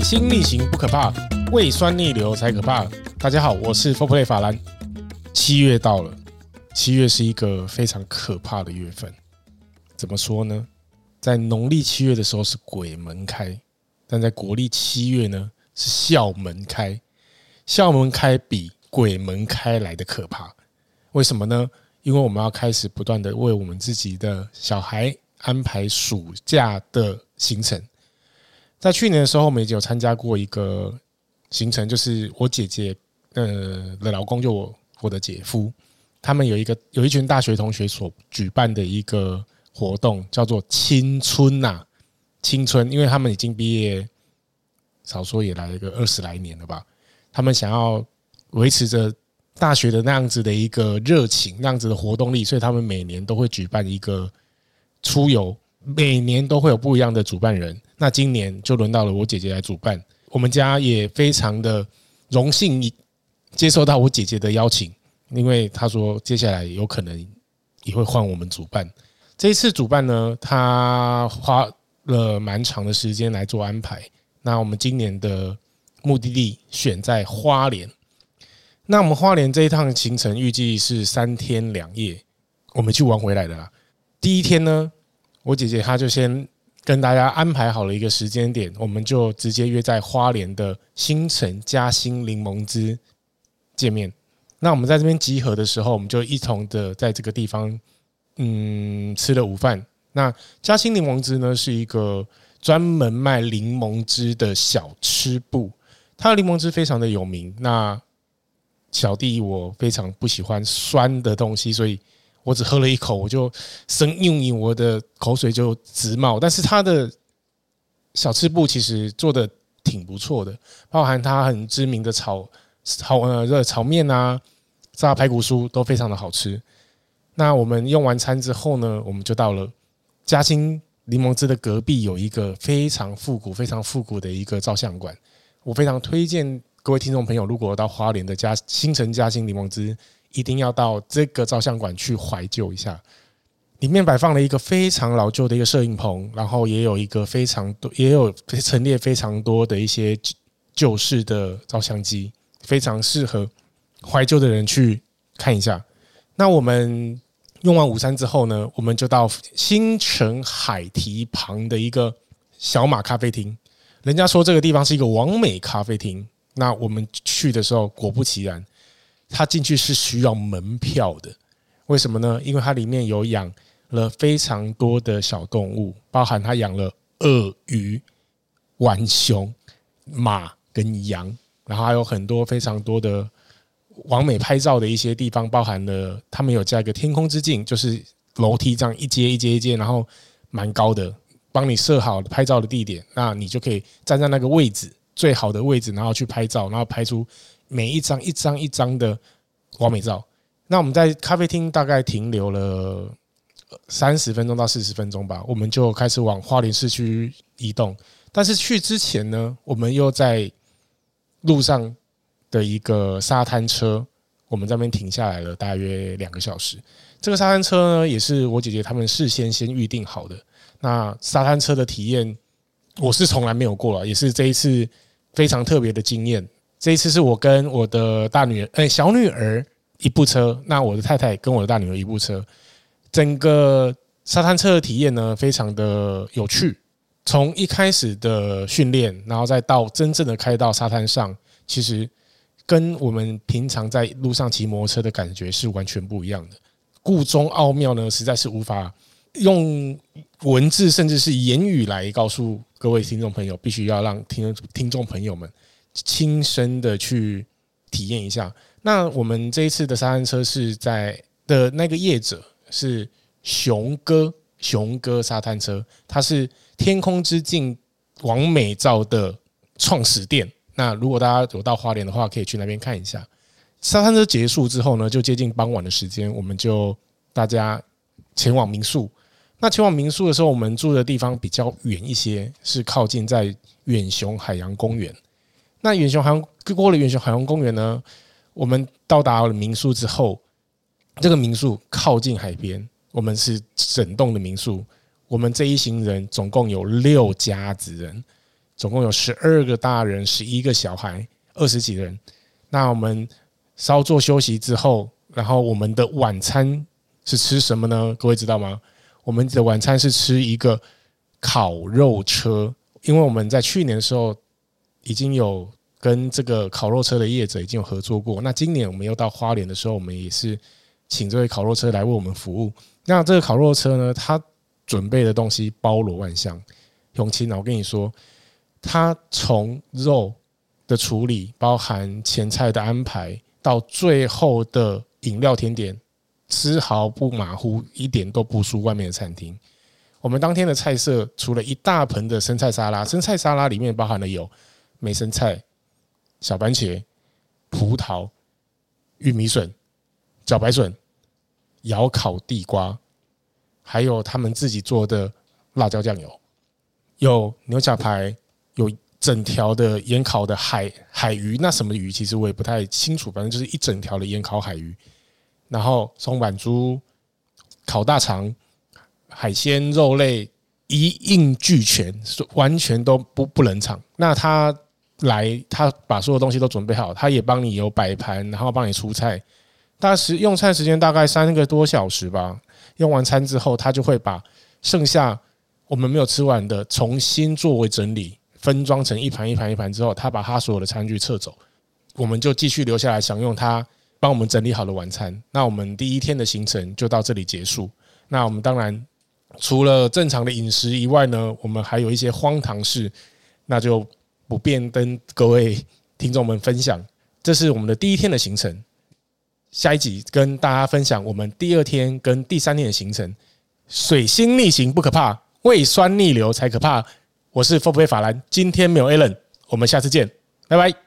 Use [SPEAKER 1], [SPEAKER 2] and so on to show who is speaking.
[SPEAKER 1] 水星逆行不可怕，胃酸逆流才可怕。大家好，我是 Fourplay 法蘭。七月到了，七月是一個非常可怕的月份。怎麼說呢？在農曆七月的時候是鬼門開，但在國曆七月呢是校門開。校門開比鬼門開來的可怕。為什麼呢？因為我們要開始不斷的為我們自己的小孩安排暑假的行程。在去年的時候，我們已經有參加過一個行程，就是我姐姐呃的老公，就我我的姐夫，他們有一個有一群大學同學所舉辦的一個活動，叫做“青春吶、啊、青春”，因為他們已經畢業，少說也來了一個二十來年了吧。他們想要維持着大學的那樣子的一個熱情，那樣子的活動力，所以他們每年都會舉辦一個出遊，每年都會有不一樣的主辦人。那今年就輪到了我姐姐來主辦，我們家也非常的榮幸接受到我姐姐的邀請，因為她說接下來有可能也會換我們主辦。這一次主辦呢，她花了蠻長的時間來做安排。那我們今年的目的地選在花蓮，那我們花蓮這一趟行程預計是三天兩夜，我們去玩回來的啦。第一天呢，我姐姐她就先。跟大家安排好了一個時間點，我們就直接約在花蓮的新城嘉興檸檬汁見面。那我們在這邊集合的時候，我們就一同的在這個地方，嗯，吃了午飯。那嘉興檸檬汁呢，是一個專門賣檸檬汁的小吃部，它的檸檬汁非常的有名。那小弟我非常不喜歡酸的東西，所以。我只喝了一口，我就生硬硬，我的口水就直冒。但是他的小吃部其實做得挺不錯的，包含他很知名的炒炒呃熱炒麵啊、炸排骨酥都非常的好吃。那我們用完餐之後呢，我們就到了嘉興檸檬汁的隔壁，有一個非常復古、非常復古的一個照相館。我非常推薦各位聽眾朋友，如果到花蓮的嘉新城嘉興檸檬汁。一定要到這個照相館去懷舊一下，裡面擺放了一個非常老舊的一個攝影棚，然後也有一個非常多，也有陳列非常多的一些舊式的照相機，非常適合懷舊的人去看一下。那我們用完午餐之後呢，我們就到新城海堤旁的一個小馬咖啡廳，人家說這個地方是一個網美咖啡廳，那我們去的時候果不其然。它進去是需要門票的，為什麼呢？因為它裡面有養了非常多的小動物，包含它養了鱷魚、浣熊、馬跟羊，然後還有很多非常多的完美拍照的一些地方，包含了他們有加一個天空之鏡，就是樓梯這樣一階一階一階，然後蠻高的，幫你設好拍照的地點，那你就可以站在那個位置，最好的位置，然後去拍照，然後拍出。每一張一張一張的完美照。那我們在咖啡廳大概停留了三十分鐘到四十分鐘吧，我們就開始往花蓮市區移動。但是去之前呢，我們又在路上的一個沙灘車，我們這邊停下來了大約兩個小時。這個沙灘車呢，也是我姐姐她們事先先預定好的。那沙灘車的體驗，我是從來沒有過了，也是這一次非常特別的經驗。這一次是我跟我的大女兒，哎，小女兒一部車，那我的太太跟我的大女兒一部車，整個沙灘車的體驗呢，非常的有趣。從一開始的訓練，然後再到真正的開到沙灘上，其實跟我們平常在路上騎摩托車的感覺是完全不一樣的。箇中奧妙呢，實在是無法用文字甚至是言語來告訴各位聽眾朋友，必須要讓聽聽眾朋友們。親身的去體驗一下。那我們這一次的沙灘車是在的那個業者是熊哥，熊哥沙灘車，它是天空之鏡網美照的創始店。那如果大家有到花蓮的話，可以去那邊看一下。沙灘車結束之後呢，就接近傍晚的時間，我們就大家前往民宿。那前往民宿的時候，我們住的地方比較遠一些，是靠近在遠雄海洋公園。那遠雄海洋過了遠雄海洋公園呢，我們到達了民宿之後，這個民宿靠近海邊。我們是整棟的民宿。我們這一行人總共有六家子人，總共有十二個大人，十一個小孩，二十幾人。那我們稍作休息之後，然後我們的晚餐是吃什麼呢？各位知道嗎？我們的晚餐是吃一個烤肉車，因為我們在去年的時候，已經有跟這個烤肉車的業者已經有合作過。那今年我們又到花蓮的時候，我們也是請這位烤肉車來為我們服務。那這個烤肉車呢，它準備的東西包羅萬象。永琪呢？我跟你說，它從肉的處理，包含前菜的安排，到最後的飲料甜點，絲毫不馬虎，一點都不輸外面的餐廳。我們當天的菜色，除了一大盆的生菜沙拉，生菜沙拉裡面包含了有。美生菜、小番茄、葡萄、玉米筍、茭白筍、窯烤地瓜，還有他們自己做的辣椒醬油，有牛小排，有整條的鹽烤的海海魚，那什麼魚其實我也不太清楚，反正就是一整條的鹽烤海魚，然後松阪豬、烤大腸、海鮮、肉類一應俱全，完全都不不冷場。那他。來，他把所有東西都準備好，他也幫你有擺盤，然後幫你出菜。當時用餐時間大概三個多小時吧。用完餐之後，他就會把剩下我們沒有吃完的重新作為整理，分裝成一盤一盤一盤之後，他把他所有的餐具撤走，我們就繼續留下來享用他幫我們整理好的晚餐。那我們第一天的行程就到這裡結束。那我們當然除了正常的飲食以外呢，我們還有一些荒唐事，那就。不便跟各位聽眾們分享，這是我們的第一天的行程。下一集跟大家分享我們第二天跟第三天的行程。水星逆行不可怕，胃酸逆流才可怕。我是 Fourplay 法蘭，今天沒有 Alan，我們下次見，拜拜。